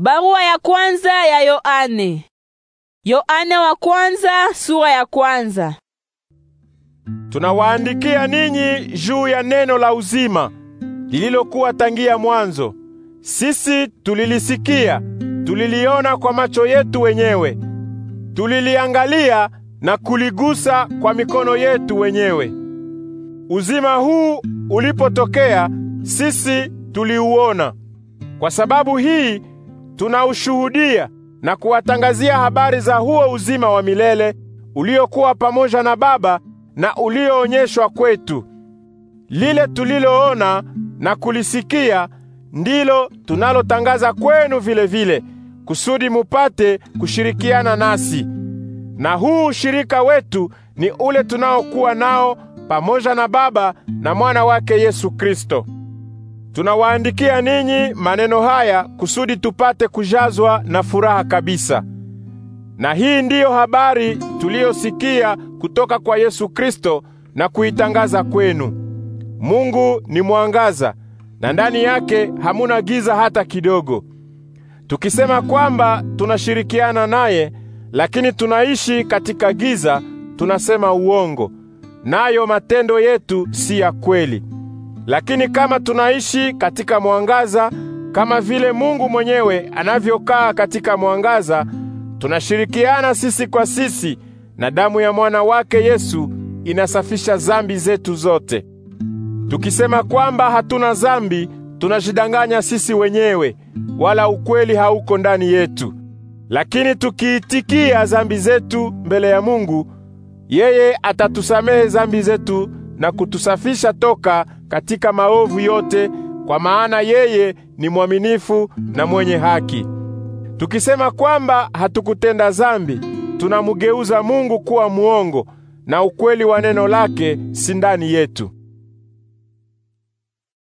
Barua ya kwanza ya Yohane. Yohane wa kwanza sura ya kwanza. Tunawaandikia ninyi juu ya neno la uzima lililokuwa tangia mwanzo. Sisi tulilisikia, tuliliona kwa macho yetu wenyewe. Tuliliangalia na kuligusa kwa mikono yetu wenyewe. Uzima huu ulipotokea, sisi tuliuona. Kwa sababu hii tunaushuhudia na kuwatangazia habari za huo uzima wa milele uliokuwa pamoja na Baba na ulioonyeshwa kwetu. Lile tuliloona na kulisikia ndilo tunalotangaza kwenu vile vile, kusudi mupate kushirikiana nasi. Na huu ushirika wetu ni ule tunaokuwa nao pamoja na Baba na mwana wake Yesu Kristo. Tunawaandikia ninyi maneno haya kusudi tupate kujazwa na furaha kabisa. Na hii ndiyo habari tuliyosikia kutoka kwa Yesu Kristo na kuitangaza kwenu. Mungu ni mwangaza na ndani yake hamuna giza hata kidogo. Tukisema kwamba tunashirikiana naye lakini tunaishi katika giza, tunasema uongo, nayo matendo yetu si ya kweli. Lakini kama tunaishi katika mwangaza, kama vile Mungu mwenyewe anavyokaa katika mwangaza, tunashirikiana sisi kwa sisi, na damu ya mwana wake Yesu inasafisha zambi zetu zote. Tukisema kwamba hatuna zambi, tunajidanganya sisi wenyewe, wala ukweli hauko ndani yetu. Lakini tukiitikia zambi zetu mbele ya Mungu, yeye atatusamehe zambi zetu na kutusafisha toka katika maovu yote, kwa maana yeye ni mwaminifu na mwenye haki. Tukisema kwamba hatukutenda zambi, tunamugeuza Mungu kuwa muongo na ukweli wa neno lake si ndani yetu.